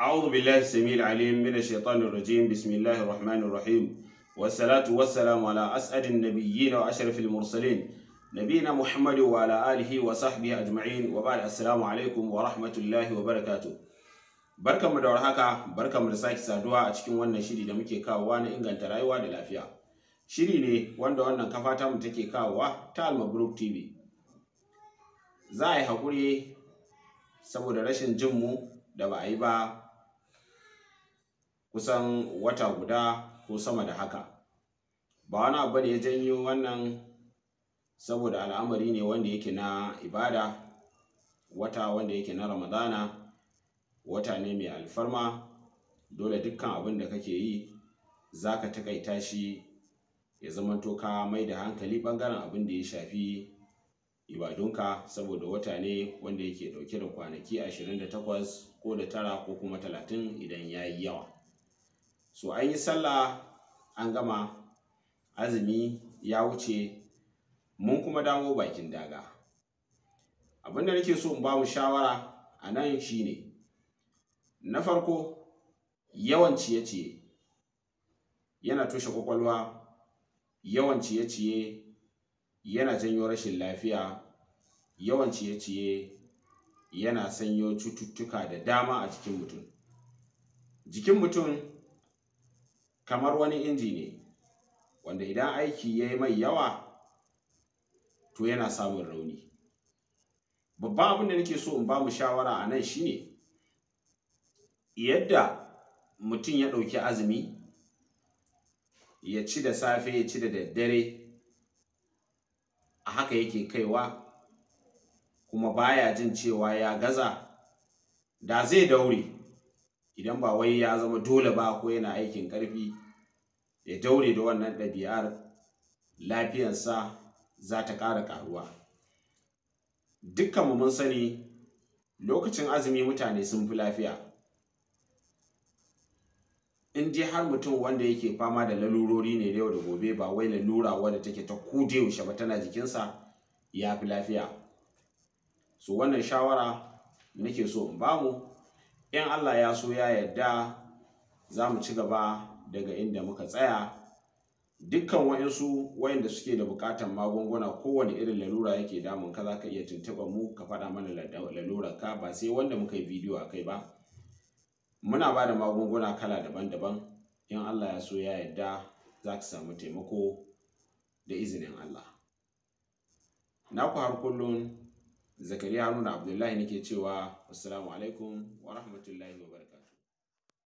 أعوذ بالله السميع العليم من الشيطان الرجيم بسم الله الرحمن الرحيم والصلاة والسلام على أسعد النبيين وأشرف المرسلين نبينا محمد وعلى آله وصحبه أجمعين وبعد السلام عليكم ورحمة الله وبركاته barkan mu da warhaka barkan mu da sake saduwa a cikin wannan shiri da muke kawowa na inganta rayuwa da lafiya shiri ne wanda wannan kafa ta mu take kawowa ta almabruk tv za a yi haƙuri saboda rashin jin mu da ba a yi ba kusan wata guda ko sama da haka ba wani abu ne ya janyo wannan saboda al'amari ne wanda yake na ibada wata wanda yake na ramadana wata ne mai alfarma dole dukkan abin da kake yi za ka taƙaita shi ya zamanto ka mai da hankali ɓangaren abin da ya shafi ibadunka saboda wata ne wanda yake ɗauke da kwanaki ashirin da 28 ko da tara ko kuma talatin idan ya yi yawa so an yi sallah an gama azumi ya wuce mun kuma dawo bakin daga abinda nake so in ba mu shawara a nan ne. na farko yawan ciye-ciye yana toshe kwakwalwa yawan ciye-ciye yana janyo rashin lafiya yawan ciye-ciye yana sanyo cututtuka da dama a cikin mutum jikin mutum kamar wani inji ne wanda idan aiki ya yi mai yawa to yana samun rauni babban abin da nake so in ba mu shawara a nan shine yadda mutum ya ɗauki azumi ya ci da safe ya ci da daddare haka yake kaiwa kuma baya jin cewa ya gaza da zai daure idan ba wai ya zama dole ba ko yana aikin ƙarfi ya daure da wannan ɗabi'ar lafiyarsa za ta ƙara ƙaruwa dukkanmu mun sani lokacin azumi mutane sun fi lafiya in dai har mutum wanda yake fama da lalurori ne yau da gobe ba wai lalura wadda take ta kude yaushe ba tana jikinsa ya fi lafiya so wannan shawara nake so in bamu in Allah ya so ya yarda za mu ci gaba daga inda muka tsaya dukkan wa'insu wayanda suke da bukatan magunguna kowane irin lalura yake damun ka za ka iya tuntuɓa mu ka faɗa mana ka ba sai wanda muka yi bidiyo a kai ba muna ba da magunguna kala daban-daban in Allah ya so ya yadda za ka samu taimako da izinin Allah naku har kullum zakariya haruna abdullahi nake cewa assalamu alaikum wa rahmatullahi wa barakatuh